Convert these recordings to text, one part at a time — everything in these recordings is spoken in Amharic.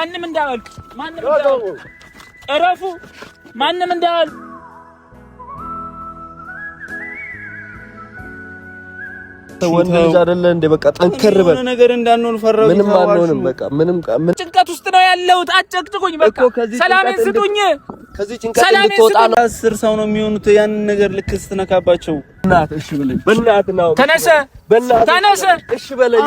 ማንም እንዳያወልቅ፣ ማንም እንዳያወልቅ፣ እረፉ። ማንም እንዳያወልቅ። ወንድ ልጅ አይደለ እንደ በቃ ጠንከር በል። ነገር እንዳንሆን ፈራሁ። ምንም አንሆንም። በቃ ምንም ጭንቀት ውስጥ ነው ያለሁት። አጨቅጭቁኝ፣ በቃ ሰላሜን ስጡኝ። ከዚህ ጭንቀት እንድትወጣ ነው። አስር ሰው ነው የሚሆኑት። ያንን ነገር ልክ ስትነካባቸው፣ በእናትህ እሺ በለኝ። በእናትህ ነው ተነሰ፣ በእናትህ ተነሰ፣ እሺ በለኝ።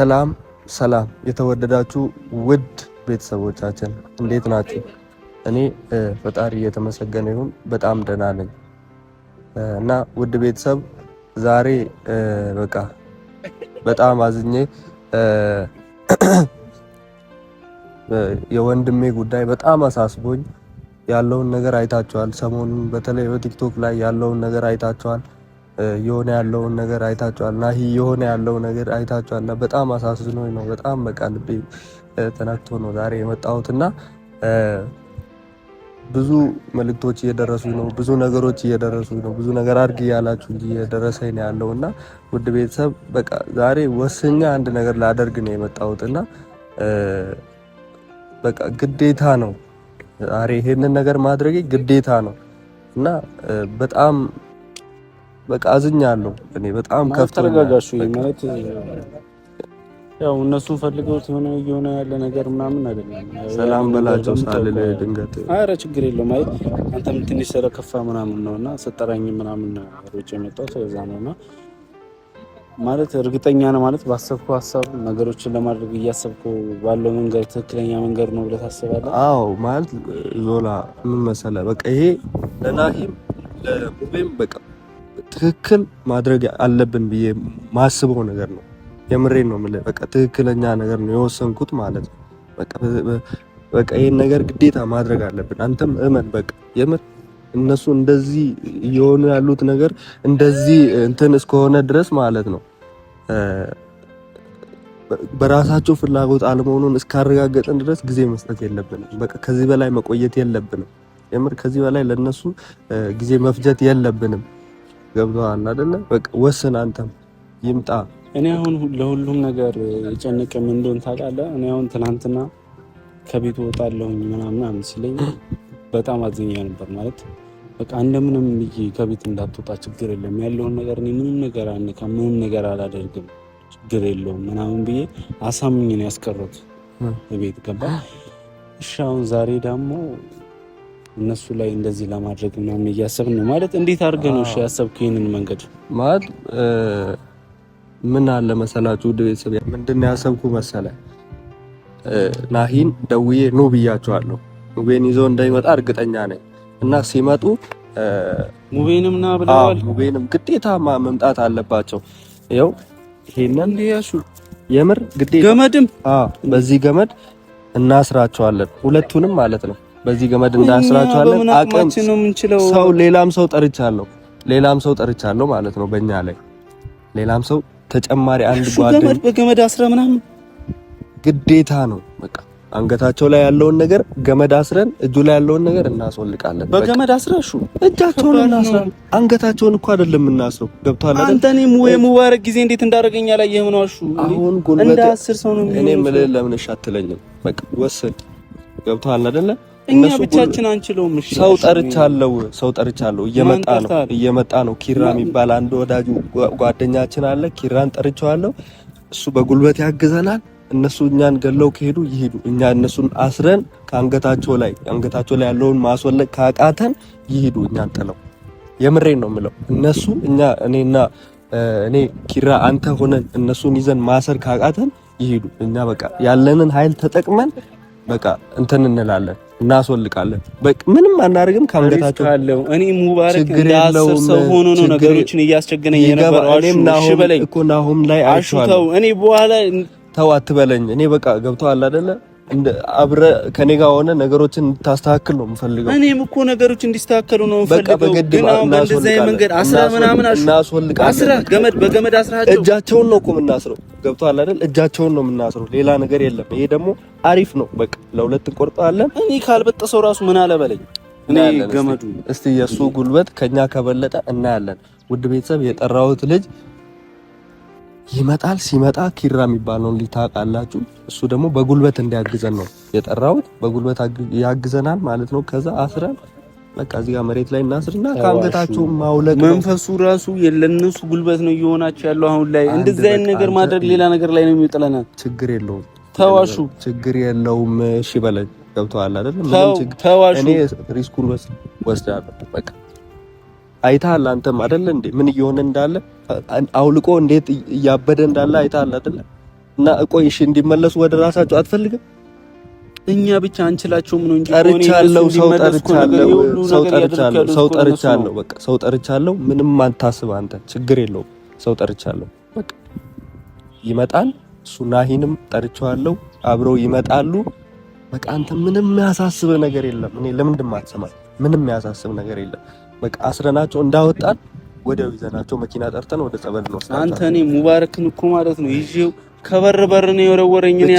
ሰላም ሰላም የተወደዳችሁ ውድ ቤተሰቦቻችን እንዴት ናችሁ? እኔ ፈጣሪ እየተመሰገነ ይሁን በጣም ደህና ነኝ። እና ውድ ቤተሰብ ዛሬ በቃ በጣም አዝኜ የወንድሜ ጉዳይ በጣም አሳስቦኝ ያለውን ነገር አይታችኋል። ሰሞኑን በተለይ በቲክቶክ ላይ ያለውን ነገር አይታችኋል። የሆነ ያለውን ነገር አይታችኋል እና ይህ የሆነ ያለው ነገር አይታችኋል እና በጣም አሳዝኖኝ ነው። በጣም በቃ ልቤ ተነክቶ ነው ዛሬ የመጣሁት እና ብዙ መልእክቶች እየደረሱ ነው፣ ብዙ ነገሮች እየደረሱ ነው። ብዙ ነገር አድርግ እያላችሁ እንጂ እየደረሰኝ ነው ያለው እና ውድ ቤተሰብ በቃ ዛሬ ወስኛ አንድ ነገር ላደርግ ነው የመጣሁት እና በቃ ግዴታ ነው ዛሬ ይሄንን ነገር ማድረጌ ግዴታ ነው እና በጣም በቃ አዝኛለሁ። እኔ በጣም ከፍ ከፍተጋጋሹ ማለት ያው እነሱን ፈልገውት የሆነ እየሆነ ያለ ነገር ምናምን አይደለም። ሰላም በላቸው ሳልል ድንገት አረ ችግር የለውም ማለት አንተም ትንሽ ከፋ ምናምን ነው እና ስጠራኝ ምናምን ሮጬ የመጣሁት በዛ ነው እና ማለት እርግጠኛ ነው ማለት ባሰብኩ ሀሳብ ነገሮችን ለማድረግ እያሰብኩ ባለው መንገድ ትክክለኛ መንገድ ነው ብለህ ታስባለህ? አዎ ማለት ዞላ ምን መሰለህ በቃ ይሄ ለናሂም ለቡቤም በቃ ትክክል ማድረግ አለብን ብዬ ማስበው ነገር ነው። የምሬን ነው የምልህ። በቃ ትክክለኛ ነገር ነው የወሰንኩት ማለት ነው። በቃ ይህን ነገር ግዴታ ማድረግ አለብን። አንተም እመን። በቃ የምር እነሱ እንደዚህ እየሆኑ ያሉት ነገር እንደዚህ እንትን እስከሆነ ድረስ ማለት ነው በራሳቸው ፍላጎት አለመሆኑን እስካረጋገጠን ድረስ ጊዜ መስጠት የለብንም። በቃ ከዚህ በላይ መቆየት የለብንም። የምር ከዚህ በላይ ለእነሱ ጊዜ መፍጀት የለብንም። ገብቶሃል አይደለ? በቃ ወስን፣ አንተም ይምጣ። እኔ አሁን ለሁሉም ነገር የጨነቀ ምን እንደሆነ ታውቃለህ? እኔ አሁን ትናንትና ከቤት ወጣለሁኝ ምናምን አምስለኝ በጣም አዝኛ ነበር ማለት በቃ እንደምንም ብዬ ከቤት እንዳትወጣ ችግር የለም ያለውን ነገር እኔ ምንም ነገር አነካ ምንም ነገር አላደርግም ችግር የለውም ምናምን ብዬ አሳምኝን ያስቀረት ቤት ገባ። እሺ አሁን ዛሬ ደግሞ እነሱ ላይ እንደዚህ ለማድረግ ምናምን እያሰብን ነው ማለት። እንዴት አድርገ ነው ያሰብከው ይህንን መንገድ? ማለት ምን አለ መሰላችሁ ውድ ቤተሰብ፣ ምንድን ያሰብኩ መሰለ ናሂን ደውዬ ኑ ብያቸዋለሁ። ሙቤን ይዞ እንዳይመጣ እርግጠኛ ነኝ እና ሲመጡ ሙቤንም ና ብለዋል። ሙቤንም ግዴታ መምጣት አለባቸው። ይኸው ይሄንን ያሹ የምር ግዴታ ገመድም በዚህ ገመድ እናስራቸዋለን ሁለቱንም ማለት ነው በዚህ ገመድ እንዳስራችኋለን። አቅም ሰው ሌላም ሰው ጠርቻለሁ፣ ሌላም ሰው ጠርቻለሁ ማለት ነው። በእኛ ላይ ሌላም ሰው ተጨማሪ አንድ ጓደኛ በገመድ አስረ ምናምን ግዴታ ነው በቃ አንገታቸው ላይ ያለውን ነገር ገመድ አስረን እጁ ላይ ያለውን ነገር እናስወልቃለን። በገመድ አስረሹ እጃቸውን እናስረን። አንገታቸውን እኮ አይደለም እናስረው። ገብቷል አይደል? አንተ እኔም ወይ ሙባረክ ጊዜ እንዴት እንዳደረገኛ ላይ የምን አሹ አሁን ጉልበት እንደ አስር ሰው ነው። እኔ ምን ለምን እሺ አትለኝም? በቃ ወሰድ። ገብቷል አይደለም እኛ ብቻችን አንችለውም። እሺ ሰው ጠርቻለሁ፣ ሰው ጠርቻለሁ። እየመጣ ነው፣ እየመጣ ነው። ኪራ የሚባል አንድ ወዳጁ ጓደኛችን አለ። ኪራን ጠርቸዋለሁ። እሱ በጉልበት ያግዘናል። እነሱ እኛን ገለው ከሄዱ ይሄዱ። እኛ እነሱን አስረን ከአንገታቸው ላይ አንገታቸው ላይ ያለውን ማስወለቅ ካቃተን ይሄዱ። እኛን ጥለው የምሬን ነው የምለው። እነሱ እኛ እኔና እኔ ኪራ አንተ ሆነን እነሱን ይዘን ማሰር ካቃተን ይሄዱ። እኛ በቃ ያለንን ኃይል ተጠቅመን በቃ እንትን እንላለን እናስወልቃለን። በቃ ምንም አናደርግም። ካንገታቸው አለው እኔ ሙባረክ እንዳስር ሰው ሆኖ ነው ነገሮችን እያስቸገነኝ የነበረው። እሺ እኮ ናሁም ላይ አሽተው እኔ በኋላ ተው አትበለኝ። እኔ በቃ ገብቶሃል አይደለ? አብረ ከኔ ጋር ሆነ ነገሮችን እንድታስተካክል ነው የምፈልገው። እኔም እኮ ነገሮች እንዲስተካከሉ ነው የምፈልገው። ግን አሁን መንገድ አስራ ምናምን አስራ ገመድ በገመድ አስራ እጃቸውን ነው እኮ የምናስረው ገብቷል አይደል? እጃቸውን ነው የምናስረው፣ ሌላ ነገር የለም። ይሄ ደግሞ አሪፍ ነው። በቃ ለሁለት እንቆርጠዋለን። እኔ ካልበጠሰው ራሱ ምን አለ በለኝ። እኔ ገመዱ እስቲ የእሱ ጉልበት ከኛ ከበለጠ እናያለን። ውድ ቤተሰብ የጠራሁት ልጅ ይመጣል። ሲመጣ ኪራ የሚባል ነው ታውቃላችሁ። እሱ ደግሞ በጉልበት እንዲያግዘን ነው የጠራሁት። በጉልበት ያግዘናል ማለት ነው። ከዛ አስረን በቃ እዚህ ጋር መሬት ላይ እናስርና ከአንገታቸው ማውለቅ መንፈሱ ራሱ የለነሱ ጉልበት ነው እየሆናቸው ያለው አሁን ላይ እንደዚህ አይነት ነገር ማድረግ ሌላ ነገር ላይ ነው የሚጥለና ችግር የለውም ተዋሹ ችግር የለውም እሺ በለኝ ገብተዋል አይደለም ተዋሹ እኔ ሪስኩን ወስዳለሁ በቃ አይታል አንተም አይደለ እንዴ ምን እየሆነ እንዳለ አውልቆ እንዴት እያበደ እንዳለ አይታል አይደለ እና እቆይ እሺ እንዲመለሱ ወደ ራሳቸው አትፈልግም እኛ ብቻ አንችላቸውም ነው እንጂ ጠርቻለሁ። ሰው ጠርቻለሁ። ሰው ጠርቻለሁ። ሰው ጠርቻለሁ። በቃ ሰው ጠርቻለሁ። ምንም አታስብ አንተ፣ ችግር የለውም። ሰው ጠርቻለሁ። በቃ ይመጣል። እሱ ናሂንም ጠርቼዋለሁ። አብረው ይመጣሉ። በቃ አንተ ምንም የሚያሳስብ ነገር የለም። እኔ ለምን እንደማትሰማ ምንም ያሳስብ ነገር የለም። በቃ አስረናቸው እንዳወጣን ወደ ይዘናቸው መኪና ጠርተን ወደ ጸበል ነው። አንተ እኔ ሙባረክን እኮ ማለት ነው ይዤው ከበር በር ነው የወረወረኝ። እኔ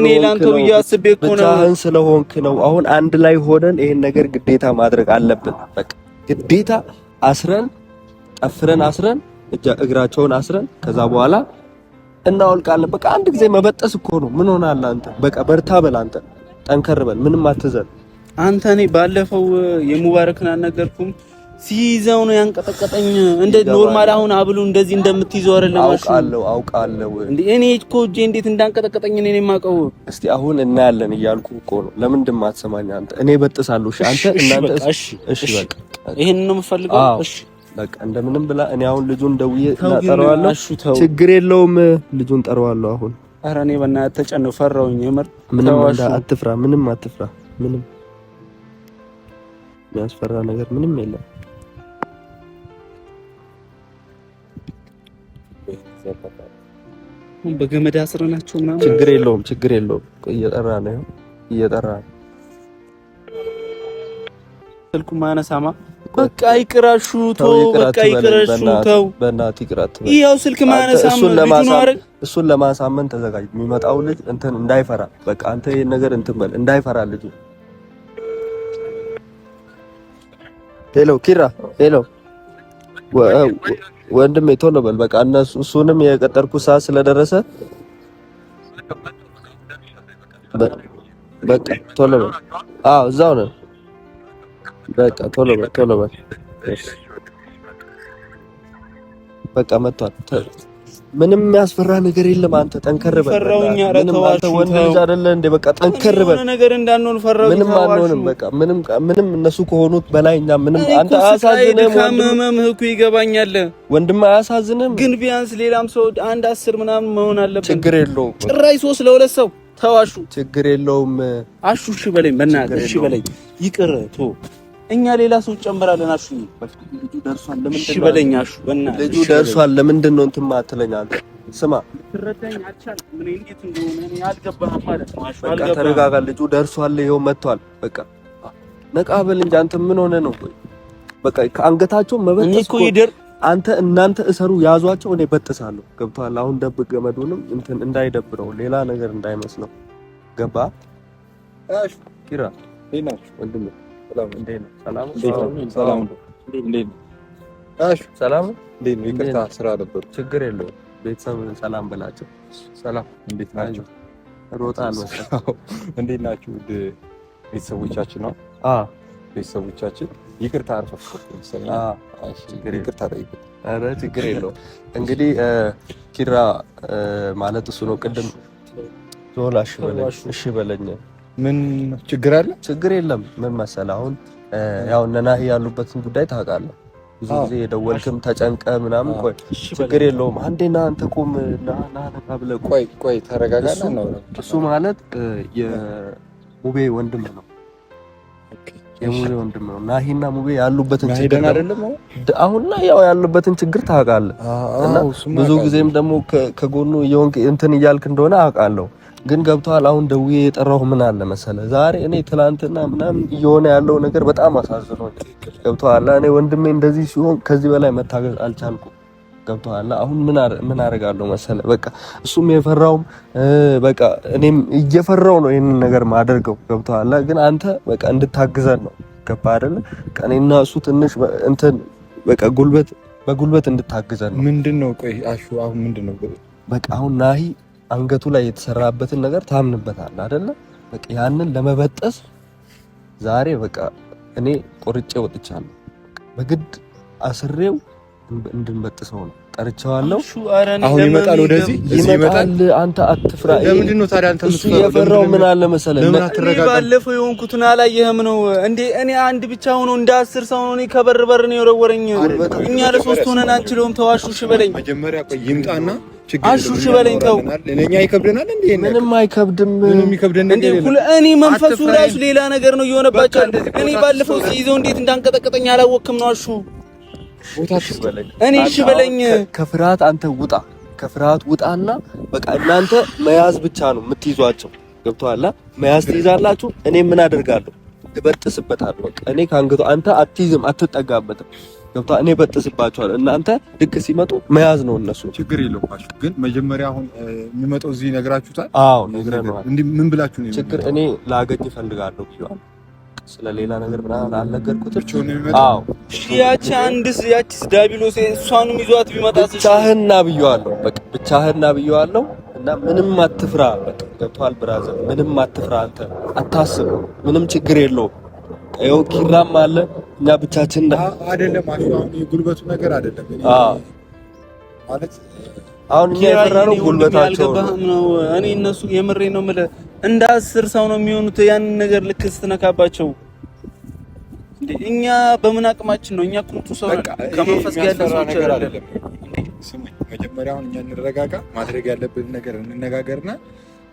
እኔ ላንተ ብዬ አስቤ እኮ ነው። ብቻህን ስለሆንክ ነው። አሁን አንድ ላይ ሆነን ይሄን ነገር ግዴታ ማድረግ አለብን። በቃ ግዴታ አስረን ጠፍረን አስረን እጃ እግራቸውን አስረን ከዛ በኋላ እናወልቃለን። በቃ አንድ ጊዜ መበጠስ እኮ ነው። ምን ሆናል አንተ? በቃ በርታ በል አንተ፣ ጠንከር በል፣ ምንም አትዘን አንተ። እኔ ባለፈው የሙባረክን አልነገርኩም ሲይዘው ነው ያንቀጠቀጠኝ። እንደ ኖርማል አሁን አብሉ እንደዚህ እንደምትይዘው አይደለም። አውቃለሁ አውቃለሁ። እንዴ እኔ እኮ እጄ እንዴት እንዳንቀጠቀጠኝ እኔ ነው የማውቀው። እስቲ አሁን እናያለን እያልኩ እኮ ነው። ለምን እንደማትሰማኝ አንተ። እኔ በጥሳለሁ። እሺ አንተ እናንተ። እሺ እሺ፣ በቃ ይሄን ነው የምፈልገው። እሺ በቃ እንደምንም ብላ እኔ አሁን ልጁን ደውዬ እናጠራዋለሁ። ችግር የለውም ልጁን ጠራዋለሁ አሁን። ኧረ እኔ በእናትህ ተጨነው ፈራሁኝ። የምር ምንም አትፍራ፣ ምንም አትፍራ። ምንም የሚያስፈራ ነገር ምንም የለም። በገመድ አስረናቸው ምናምን። ችግር የለውም ችግር የለውም። እየጠራ ነው እየጠራ ነው። ስልኩ ማነሳማ በቃ ይቅራሹ፣ ተው በቃ ይቅራሹ፣ ተው በእናትህ ይቅራት። ይኸው ስልክ ማነሳማ እሱን ለማሳመን ተዘጋጅ። የሚመጣው ልጅ እንትን እንዳይፈራ በቃ አንተ ይሄን ነገር እንትን በል እንዳይፈራ ልጁ። ሄሎ ኪራ ሄሎ ወንድም ቶሎ በል በቃ። እነሱ እሱንም የቀጠርኩ ሰዓት ስለደረሰ በቃ ቶሎ በል። አዎ እዛው ነው። በቃ ቶሎ በል ቶሎ በል። በቃ መጥቷል። ምንም የሚያስፈራ ነገር የለም። አንተ ጠንከር በል። ፈራውኛ አይደለ በቃ ጠንከር በል። ነገር እንዳንሆን ፈራው። ምንም አንሆንም። በቃ ምንም ምንም እነሱ ከሆኑት በላይ እኛ ምንም። አንተ አያሳዝንም። ወንድምህ እኮ ይገባኛል። ወንድም አያሳዝንም። ግን ቢያንስ ሌላም ሰው አንድ አስር ምናምን መሆን አለበት። ችግር የለውም። ጭራይ ሶስት ለሁለት ሰው ተዋሹ። ችግር የለውም። አሹ እሺ በለኝ፣ መናገር እሺ በለኝ። ይቅር ቶ እኛ ሌላ ሰው ጨምራለን። አሹ ልጁ ደርሷል። እሺ በለኝ አሹ፣ በእናትህ ልጁ ደርሷል። ለምንድን ነው እንትን አንተ? ስማ ትረዳኝ አልቻልም። ምን እንዴት እንደሆነ እኔ አልገባህም ማለት በቃ ተረጋጋ። ልጁ ደርሷል። ይኸው መጥቷል። በቃ ነቃ በል እንጂ አንተ ምን ሆነ ነው? በቃ ከአንገታቸው መበጠስ እኮ ይደር አንተ እናንተ እሰሩ ያዟቸው፣ እኔ በጥሳለሁ። ገብቷል። አሁን ደብቅ ገመዱንም እንትን እንዳይደብረው ሌላ ነገር እንዳይመስለው። ገባ እሺ ኪራ ወንድሜ ሰላም ይቅርታ፣ ስራ ነበር። ችግር የለውም። ቤተሰብ ሰላም ብላቸው ሰላም እንዴት ናቸው? ሮጣ እንዴት ናችሁ? ውድ ቤተሰቦቻችን ነው ቤተሰቦቻችን ይቅርታ ይቅርታ ችግር የለውም። እንግዲህ ኪራ ማለት እሱ ነው። ቅድም ዞላሽ በለኝ እሺ በለኝ ምን ችግር አለ? ችግር የለም። ምን መሰለህ አሁን ያው እነ ናሂ ያሉበትን ጉዳይ ታውቃለህ። ብዙ ጊዜ የደወልክም ተጨንቀ ምናምን። ቆይ ችግር የለውም አንዴና አንተ ቁም ና ና ብለህ ቆይ ቆይ ነው እሱ ማለት የሙቤ ወንድም ነው የሙቤ ወንድም ነው። ናሂና ሙቤ ያሉበትን ችግር አይደለም አሁን ላይ ያው ያሉበትን ችግር ታውቃለህ። እና ብዙ ጊዜም ደግሞ ከጎኑ እንትን እያልክ እንደሆነ አውቃለሁ ግን ገብቷል። አሁን ደውዬ የጠራሁ ምን አለ መሰለ ዛሬ እኔ ትላንትና ምናምን እየሆነ ያለው ነገር በጣም አሳዝኖኝ ገብቷል። እኔ ወንድሜ እንደዚህ ሲሆን ከዚህ በላይ መታገዝ አልቻልኩም። ገብቷል። አሁን ምን አደርጋለሁ መሰለ በቃ እሱም የፈራውም በቃ እኔም እየፈራው ነው ይህንን ነገር ማደርገው። ገብቷል። ግን አንተ በቃ እንድታግዘን ነው ገባ አይደለ? ቀኔና እሱ ትንሽ እንትን በቃ ጉልበት በጉልበት እንድታግዘን ነው። ምንድን ነው ቆይ አሹ አሁን ምንድን ነው በቃ አሁን ናሂ አንገቱ ላይ የተሰራበትን ነገር ታምንበታል አይደለ? በቃ ያንን ለመበጠስ ዛሬ በቃ እኔ ቆርጬ ወጥቻለሁ። በግድ አስሬው እንድንበጥሰው ነው ጠርቸዋለሁ። አሁን ይመጣል፣ ወደዚህ ይመጣል። አንተ አትፍራ። ለምንድን ነው ታዲያ አንተ ምትፈራው? የፈራው? ምን አለ መሰለህ፣ ባለፈው የሆንኩትን አላየህም ነው እንዴ? እኔ አንድ ብቻ ሆኖ እንደ አስር ሰው ነው ከበር በር ነው የወረወረኝ። እኛ ለሶስት ሆነን አንችለውም። ተዋሹ ሽበለኝ መጀመሪያ። ቆይ ይምጣና አሹሽ በለኝ ተው። ለኛ ይከብደናል እንዴ? ምንም አይከብድም። ምንም ይከብደናል እንዴ? ሁሉ እኔ መንፈሱ ራሱ ሌላ ነገር ነው እየሆነባቸው። እኔ ባለፈው ሲይዘው እንዴት እንዳንቀጠቀጠኝ አላወቅም ነው። አሹ እኔ እሺ በለኝ። ከፍርሃት አንተ ውጣ፣ ከፍርሃት ውጣና በቃ እናንተ መያዝ ብቻ ነው የምትይዟቸው። ገብቶሃል? መያዝ ትይዛላችሁ። እኔ ምን አደርጋለሁ? ትበጥስበታለህ። በቃ እኔ ካንገቱ አንተ አትይዝም፣ አትጠጋበትም ገብታ እኔ በጥስባቸዋል። እናንተ ልክ ሲመጡ መያዝ ነው እነሱ ችግር የለባቸው። ግን መጀመሪያ አሁን የሚመጣው እዚህ ነግራችሁታል? አዎ ነግረነዋል። ምን ብላችሁ ነው ችግር እኔ ላገኝ እፈልጋለሁ ብለዋል። ስለ ሌላ ነገር ምናምን አልነገርኩትም። አዎ እሺ፣ ያቺ አንድስ ያቺስ ዳቢሎስ እሷንም ይዟት ቢመጣ ብቻህና ና ብየዋለሁ። በቃ ብቻህና ና ብየዋለሁ። እና ምንም አትፍራ፣ በቃ ገብቶሃል ብራዘር፣ ምንም አትፍራ፣ አንተ አታስብ፣ ምንም ችግር የለውም። ይኸው ኪራም አለ እኛ ብቻችን እንደ አይደለም። አሁን የጉልበቱ ነገር አይደለም። ማለት አሁን እኛ የፈራነው ጉልበታቸው ነው። እኔ እነሱ የምሬ ነው የምልህ እንደ አስር ሰው ነው የሚሆኑት። ያንን ነገር ልክ ስትነካባቸው እኛ በምን አቅማችን ነው? እኛ ቁጡ ሰው ከመንፈስ ጋር ያለ ሰው አይደለም። መጀመሪያ አሁን እኛ እንረጋጋ። ማድረግ ያለብን ነገር እንነጋገርና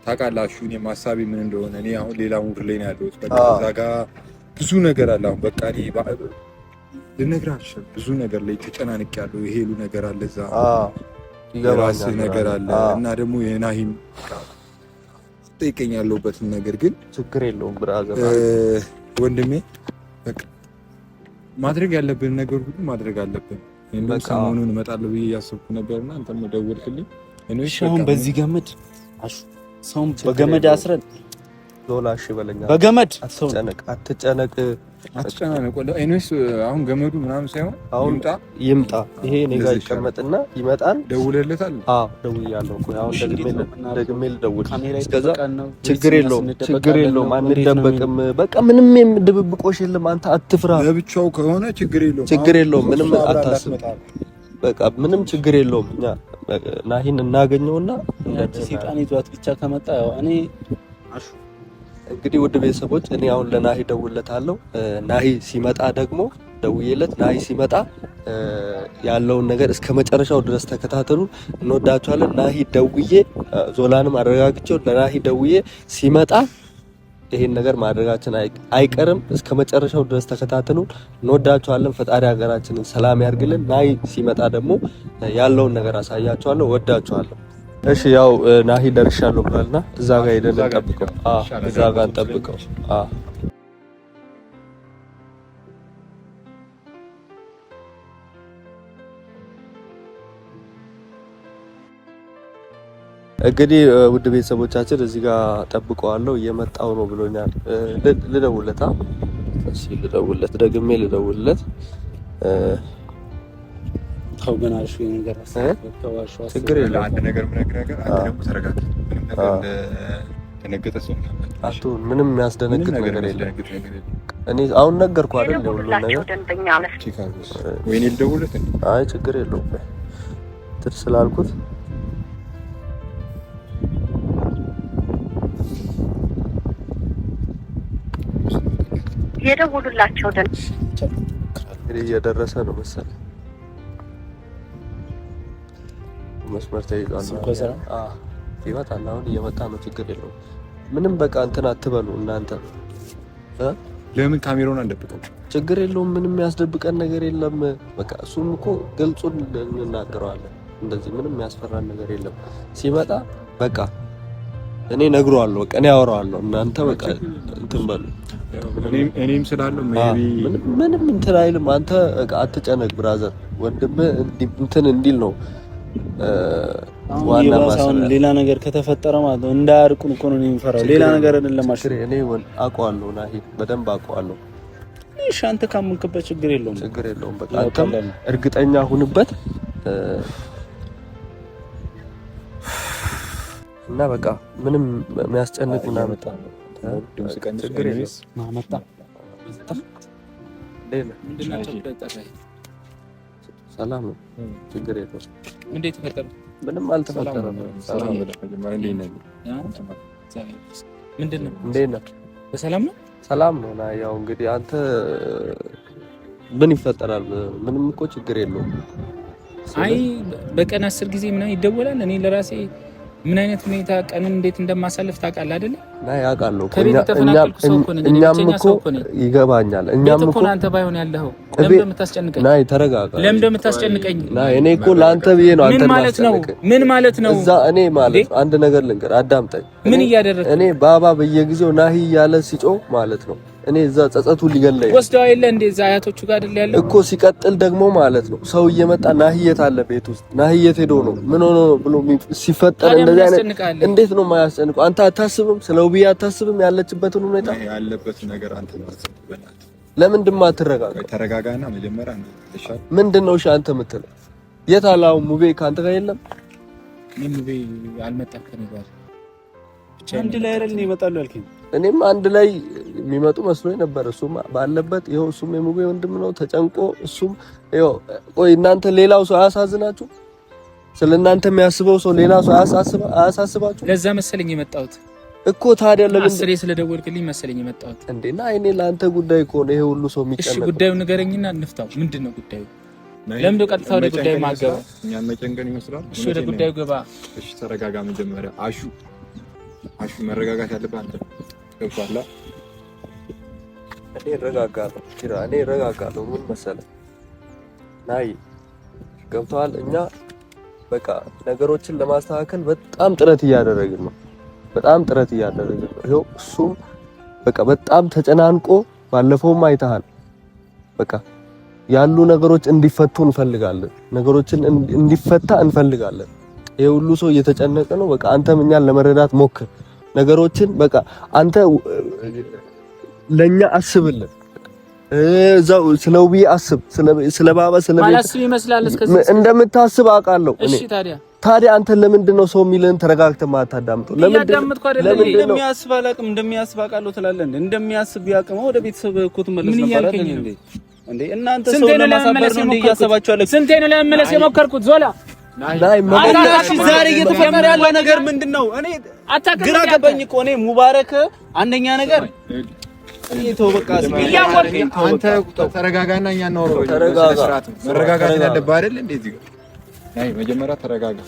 ታውቃላችሁ፣ እኔም ሀሳቤ ምን እንደሆነ እኔ አሁን ሌላ ሙድ ላይ ነው ያለሁት በቃ እዛ ጋር ብዙ ነገር አለ። አሁን በቃ ልነግርህ አልችልም። ብዙ ነገር ላይ ተጨናንቅ ያለው የሄሉ ነገር አለ፣ እዛ የራስህ ነገር አለ እና ደግሞ የናሂም ጠይቀኝ ያለሁበትን ነገር ግን ችግር የለውም ብራዘር ወንድሜ ማድረግ ያለብን ነገር ሁሉ ማድረግ አለብን። እንደውም ሰሞኑን እመጣለሁ ብዬ እያሰብኩ ነበርና አንተም ደወልክልኝ። እኔ አሁን በዚህ ገመድ ሰውም በገመድ አስረን ዞላ እሺ በለኛል። በገመድ አትጨነቅ አትጨነቅ አትጨነቅ። አይነስ አሁን ገመዱ ምናምን ሳይሆን አሁን ይምጣ። ይሄ እኔ ጋር ይቀመጥና ይመጣል። ደውለለታል። አዎ ደውያለሁ እኮ አሁን ደግሜ ደግሜ ልደውል። እስከዛ ችግር የለውም ችግር የለውም አንደበቅም። በቃ ምንም ድብብቆሽ የለም። አንተ አትፍራ። ለብቻው ከሆነ ችግር የለውም ችግር የለውም። ምንም አታስብ። በቃ ምንም ችግር የለውም። እኛ ናሂን እናገኘውና እንደ ሰይጣን ይዟት ብቻ ከመጣ ያው እኔ እንግዲህ ውድ ቤተሰቦች እኔ አሁን ለናሂ ደውለታለሁ። ናሂ ሲመጣ ደግሞ ደውዬለት ናሂ ሲመጣ ያለውን ነገር እስከ መጨረሻው ድረስ ተከታተሉ። እንወዳቸዋለን ናሂ ደውዬ ዞላንም አረጋግቼው ለናሂ ደውዬ ሲመጣ ይሄን ነገር ማድረጋችን አይቀርም። እስከ መጨረሻው ድረስ ተከታተሉ። እንወዳቸዋለን ፈጣሪ ሀገራችንን ሰላም ያርግልን። ናሂ ሲመጣ ደግሞ ያለውን ነገር አሳያችኋለሁ። ወዳችኋለሁ። እሺ ያው ናሂ ደርሻለሁ ብላልና እዛ ጋር ሄደን እንጠብቀው። አዎ እዛ ጋር እንጠብቀው። አዎ እንግዲህ ውድ ቤተሰቦቻችን እዚህ ጋር ጠብቀዋለሁ። እየመጣው ነው ብሎኛል። ልደውልለታ፣ እሺ ልደውለት፣ ደግሜ ልደውለት ተው ገና እሺ፣ ነገር ችግር የለም። አንድ ነገር ምነግርህ ነገር ደግሞ ምንም ነገር ምንም የሚያስደነግጥ ነገር የለም። እኔ አሁን ነገርኩህ አይደል? ሁሉ ነገር ወይኔ ልደውልለት። አይ ችግር የለውም። ትር ስላልኩት የደውሉላቸው ደን እንግዲህ እየደረሰ ነው መሰለኝ መስመር ተይዟል። ይመጣል። አሁን እየመጣ ነው። ችግር የለውም። ምንም በቃ እንትን አትበሉ እናንተ። ለምን ካሜሮን አንደብቀው? ችግር የለውም። ምንም የሚያስደብቀን ነገር የለም። በቃ እሱም እኮ ገልጹን እንናገረዋለን። እንደዚህ ምንም ያስፈራን ነገር የለም። ሲመጣ በቃ እኔ ነግረዋለሁ። በቃ እኔ አወራዋለሁ። እናንተ በቃ እንትን በሉ። እኔም ስላለው ምንም እንትን አይልም። አንተ አትጨነቅ ብራዘር። ወንድም እንትን እንዲል ነው ሌላ ነገር ከተፈጠረ ማለት ነው እንዳያርቁን እኮ ነው የሚፈራው። ሌላ ነገር አይደለም። እኔ አውቀዋለሁ ናሂ፣ በደንብ አውቀዋለሁ። እሺ፣ አንተ ካመንክበት ችግር የለውም፣ ችግር የለውም። በቃ አንተም እርግጠኛ ሁንበት እና በቃ ምንም የሚያስጨንቅ ምናምን ችግር የለም። ሰላም ነው፣ ችግር የለውም። እንዴት ተፈጠረ? ምንም አልተፈጠረም። ሰላም ነው። ምንድን በሰላም ነው። ሰላም ነው። ና ያው እንግዲህ አንተ ምን ይፈጠራል? ምንም እኮ ችግር የለውም። አይ በቀን አስር ጊዜ ምናምን ይደወላል። እኔ ለራሴ ምን አይነት ሁኔታ ቀንን እንዴት እንደማሳልፍ ታውቃለህ አይደለ? ላይ አውቃለሁ። እኛም እኮ ይገባኛል። እኛም እኮ አንተ ባይሆን ያለኸው ለምን እንደምታስጨንቀኝ? ናይ ተረጋጋ። ለምን እንደምታስጨንቀኝ? ናይ እኔ እኮ ለአንተ ብዬ ነው። አንተ ማለት ነው? ምን ማለት ነው? እዛ እኔ ማለት አንድ ነገር ልንገር፣ አዳምጠኝ። ምን እያደረግህ እኔ ባባ በየጊዜው ናሂ እያለ ሲጮህ ማለት ነው እኔ እዛ ጸጸቱ ሊገለኝ ወስደው አይደለ እንዴ እዛ አያቶቹ ጋር አይደል ያለው እኮ። ሲቀጥል ደግሞ ማለት ነው ሰው እየመጣ ናህየት አለ ቤት ውስጥ ናህየት ሄዶ ነው ምን ሆኖ ነው ብሎ ሲፈጠር እንደዚህ አይነት እንዴት ነው የማያስጨንቀው? አንተ አታስብም? ስለ ውብዬ አታስብም? ያለችበትን ሁኔታ ያለበት ነገር አንተ ለምንድን ነው የማትረጋጋው? ተረጋጋና መጀመሪያ ተሻል ምንድን ነው እሺ፣ አንተ የምትለው የት አለ አሁን? ሙቤ ከአንተ ጋር የለም? ምን ሙቤ አልመጣም ከእኔ ጋር አንድ ላይ አይደል እኔ እመጣለሁ ያልከኝ እኔም አንድ ላይ የሚመጡ መስሎ ነበር። እሱም ባለበት ይኸው እሱም የሙቤ ወንድም ነው ተጨንቆ እሱም ቆይ እናንተ ሌላው ሰው አያሳዝናችሁ? ስለ እናንተ የሚያስበው ሰው ሌላ ሰው አያሳስባችሁ? ለዛ መሰለኝ የመጣሁት እኮ ታዲያ ለምን አስሬ ስለደወልክልኝ መሰለኝ የመጣሁት እንዴና እኔ ለአንተ ጉዳይ ከሆነ ይሄ ሁሉ ሰው የሚጨነቅ እሺ፣ ጉዳዩ ንገረኝና እንፍታው። ምንድን ነው ጉዳዩ? ለምን ቀጥታ ወደ ጉዳዩ ማገባ? እኛ መጨንቀን ይመስላል። እሺ፣ ወደ ጉዳዩ ገባ። እሺ፣ ተረጋጋ። መጀመሪያ አሹ አሹ፣ መረጋጋት ያለብህ አንተ ገባላ እኔ እረጋጋለሁ ኪራ፣ እኔ እረጋጋለሁ። ምን መሰለህ ናይ ገብተዋል። እኛ በቃ ነገሮችን ለማስተካከል በጣም ጥረት እያደረግን ነው፣ በጣም ጥረት እያደረግን ነው። ይኸው እሱም በቃ በጣም ተጨናንቆ ባለፈውም አይተሃል። በቃ ያሉ ነገሮች እንዲፈቱ እንፈልጋለን፣ ነገሮችን እንዲፈታ እንፈልጋለን። ይሄ ሁሉ ሰው እየተጨነቀ ነው። በቃ አንተም እኛን ለመረዳት ሞክር። ነገሮችን በቃ አንተ ለኛ አስብልን። እዛው ስለ ውብዬ አስብ፣ ስለ ባባ፣ ስለ እንደምታስብ አውቃለሁ እሺ ታዲያ አንተ ለምንድን ነው ሰው የሚልህን ተረጋግተህ ማታዳምጠው? እንደሚያስብ አላውቅም፣ እንደሚያስብ አውቃለሁ ትላለህ። እንደሚያስብ ቢያውቅማ ወደ ቤተሰብ ነበር። እናንተ ሰው ለማሳበር አለ። ስንቴ ነው የሞከርኩት ዞላ ዛሬ እየተፈጠረ ያለ ነገር ምንድን ነው? እኔ ግራ ገባኝ እኮ እኔ ሙባረክ፣ አንደኛ ነገር አንተ ተረጋጋና እኛ መረጋጋት ያለብህ አይደል? እንደዚህ መጀመሪያ ተረጋጋ።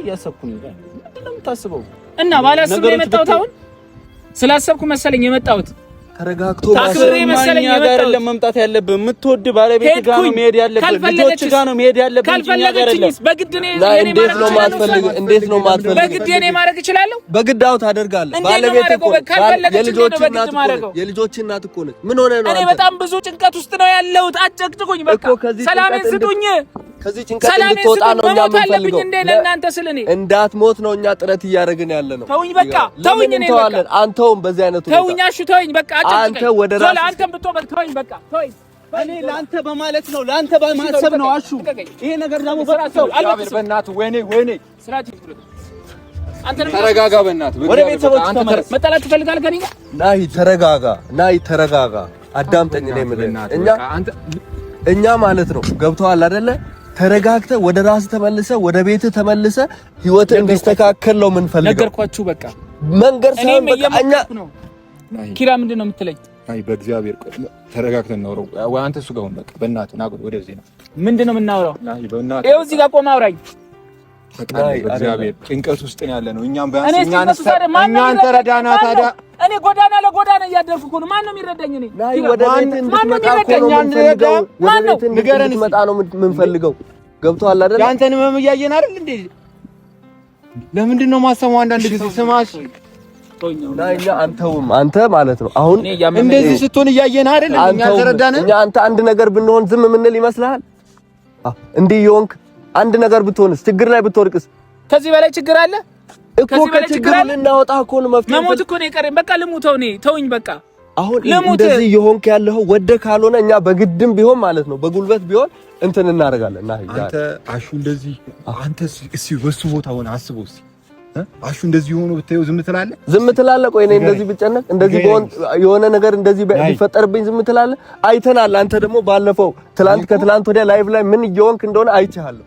እያሰብኩ ነው። እና ባላስብ ነው የመጣሁት። አሁን ስላሰብኩ መሰለኝ የመጣሁት ተረጋግቶ ታክብሬ መሰለኝ የመጣሁት አይደለም መምጣት ያለብህ። የምትወድ ባለቤት ጋር ነው መሄድ ያለብህ። ልጆች ጋር ነው መሄድ ያለብህ። ካልፈለገችኝስ በግድ ነው የማትፈልግ? እንዴት ነው እናት እኮ ነች። ምን ሆነህ ነው? እኔ በጣም ብዙ ጭንቀት ውስጥ ነው ያለሁት። አጨቅጭቁኝ፣ በቃ ሰላሜን ስጡኝ። ከዚህ ጭንቀት እንድትወጣ ነው እኛ የምንፈልገው። ለእናንተ እኔ እንዳትሞት ነው እኛ ጥረት እያደረግን ያለ ነው። ተውኝ፣ በቃ ተውኝ። እኔ በቃ አንተውም። በዚህ አይነት ተውኛ። እሺ ተውኝ፣ በቃ አንተ ወደ ራስህ አንተም ብትወበል ተውኝ፣ በቃ ተውኝ። እኔ ለአንተ በማለት ነው ለአንተ በማሰብ ነው። አሹ ይሄ ነገር ደግሞ በራስህ አልበስ። በእናትህ ወይኔ፣ ወይኔ፣ ስራት ይፍረጥ። ተረጋጋ፣ በእናትህ ወደ ቤተሰቦች ተመለስ። መጣላት ትፈልጋለህ ከእኔ ጋር? ናይ ተረጋጋ፣ ናይ ተረጋጋ፣ አዳምጠኝ። እኔ የምልህ እኛ እኛ ማለት ነው ገብቶሃል አይደለ ተረጋግተ ወደ ራስ ተመልሰ ወደ ቤት ተመልሰ ህይወት እንዲስተካከል ነው የምንፈልገው። ነገርኳችሁ። በቃ መንገር ሳይሆን በቃ እኛ ኪራ ምንድን ነው የምትለኝ? አይ በእግዚአብሔር ተረጋግተ ተረጋግተን ወይ አንተ እሱ ጋር በቃ በእናትህ ና ወደዚህ ነው። ምንድን ነው የምናውራው? ይኸው እዚህ ጋር ቆመህ አውራኝ እግዚአብሔር ጭንቀት ውስጥ ያለ ነው። እኛም ቢያንስ እኛን ተረዳና ታዲያ። እኔ ጎዳና ለጎዳና እኮ ነው። ማን ነው የሚረዳኝ? እኔ ወደ ነው የምንፈልገው። ገብቶሃል አይደል? ህመም እያየን አይደል እንዴ? ለምንድን ነው ማሰማው? አንዳንድ ጊዜ ስማሽ አንተውም አንተ ማለት ነው። አሁን እንደዚህ ስትሆን እያየን አይደል? እኛ ተረዳን። አንተ አንድ ነገር ብንሆን ዝም ይመስልሃል? እንዲህ የሆንክ አንድ ነገር ብትሆንስ? ችግር ላይ ብትወርቅስ? ከዚህ በላይ ችግር አለ እኮ። ከችግር ልናወጣ እኮ ነው። መፍትሄ መሞት እኮ ነው የቀረኝ። በቃ ልሙት፣ ተውኝ በቃ። አሁን እንደዚህ የሆንክ ያለው ወደ ካልሆነ እኛ በግድም ቢሆን ማለት ነው በጉልበት ቢሆን እንትን እናደርጋለን። እና አንተ አሹ እንደዚህ አንተ እስኪ በሱ ቦታ ሆነ አስበው እስኪ አሹ እንደዚህ ሆኖ ብታየው ዝም ትላለህ? ዝም ትላለህ? ቆይ እኔ እንደዚህ ብጨነቅ እንደዚህ በሆን የሆነ ነገር እንደዚህ ቢፈጠርብኝ ዝም ትላለህ? አይተናል። አንተ ደግሞ ባለፈው ትላንት ከትላንት ወዲያ ላይቭ ላይ ምን እየሆንክ እንደሆነ አይቻለሁ።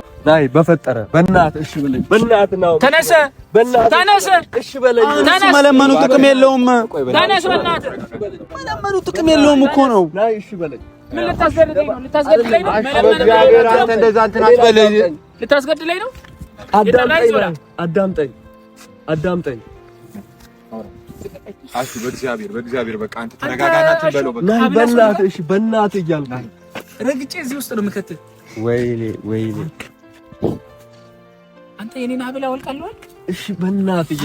ናይ በፈጠረ በእናት እሺ በለኝ። በእናት ነው ተነሰ፣ ተነሰ፣ እሺ በለኝ። መለመኑ ጥቅም የለውም። ተነስ፣ በእናት መለመኑ ጥቅም የለውም እኮ ነው። ዳይ እሺ በለኝ። ምን ልታስገድለኝ ነው? ልታስገድለኝ ነው? እግዚአብሔር አንተ እንደዛ እንትን አትበለኝ። ልታስገድለኝ ነው? አዳምጠኝ፣ አዳምጠኝ። እሺ በእግዚአብሔር በእግዚአብሔር በቃ አንተ ተረጋጋና ትበለው። በቃ በእናትህ እሺ፣ በእናትህ እያልኩ ረግጬ እዚህ ውስጥ ነው የምከትል። ወይኔ ወይኔ አንተ የኔን ሀብል አወልቃለሁ እሺ በእናትህ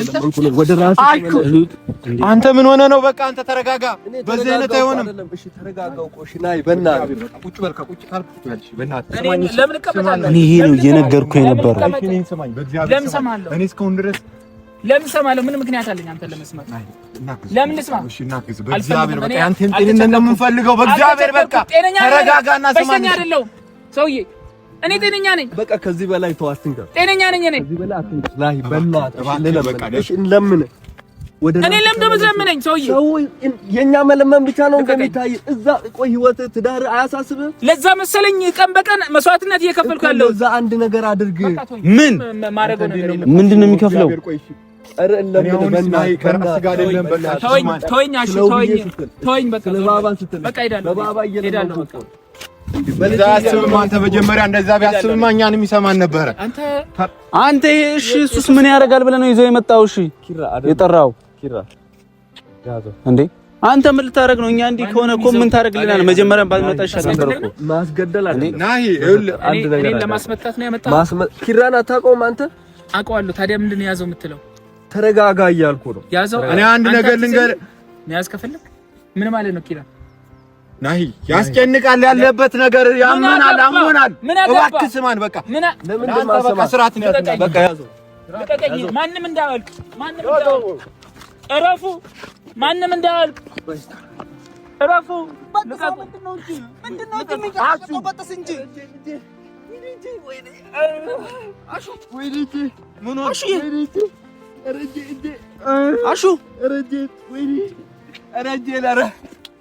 ወደ ራስህ አንተ ምን ሆነህ ነው? በቃ አንተ ተረጋጋ። በዚህ አይነት አይሆንም። እሺ ተረጋጋው። ቆሽ እሺ በእናትህ ቁጭ በል። ከቁጭ ካልኩ ለምን እቀበላለሁ? እኔ ይሄ ነው እየነገርኩህ የነበረው። እኔን በእግዚአብሔር ለምን ሰማለሁ? እኔ እስካሁን ድረስ ለምን ሰማለሁ? ምን ምክንያት አለኝ? አንተ ለመስማት ለምን ስማ? እሺ እናግዝ። በእግዚአብሔር በቃ አንተን ጤንነት ነው የምንፈልገው። በእግዚአብሔር በቃ ተረጋጋና ስማ። ሰውዬ እኔ ጤነኛ ነኝ። በቃ ከዚህ በላይ ተው፣ አትንከር። ጤነኛ ነኝ እኔ። ከዚህ በላይ አትንከር። ላይ በላት ባለለ በቃ እሺ፣ እንለምን እኔ ለምደ የምትለምነኝ ሰውዬ? ሰው የኛ መለመን ብቻ ነው እንደሚታይ እዛ ቆይ፣ ህይወት ትዳር አያሳስብም። ለዛ መሰለኝ ቀን በቀን መስዋዕትነት እየከፈልኩ ያለው። እዛ አንድ ነገር አድርግ። ምን ምንድን ነው የሚከፍለው? ኧረ እንለምን በእናትህ ተወኝ፣ ተወኝ፣ በቃ ስትል በቃ ለባባ እሄዳለሁ በዛ አስብማ አንተ መጀመሪያ እንደዛ ቢያስብማ እኛንም ይሰማን ነበረ። አንተ አንተ እሺ፣ እሱስ ምን ያደርጋል ብለህ ነው ይዘው የመጣው? እሺ የጠራው እንዴ አንተ ምን ልታደርግ ነው? እኛ እንዲህ ከሆነ እኮ ምን ታደርግልናል? መጀመሪያ ባልመጣ ይሻል ነበር እኮ ማስገደል አለ ናይ እኔ ለማስመጣት ነው ያመጣው። ኪራን አታውቀውም አንተ? አውቀዋለሁ። ታዲያ ምንድን ነው የያዘው የምትለው? ተረጋጋ እያልኩ ነው። ያዘው እኔ አንድ ነገር ልንገርህ። ያዝ ከፈለግ ምን ማለት ነው ኪራን ናይ ያስጨንቃል። ያለበት ነገር ያምናል አምናል። እባክህ ስማን። በቃ ነው በቃ ስርዓት ነው ያለው። በቃ ያዘው፣ ማንም እንዳያወልቅ፣ ማንም እንዳያወልቅ። እረፉ፣ ማንም እንዳያወልቅ። እረፉ። አሹ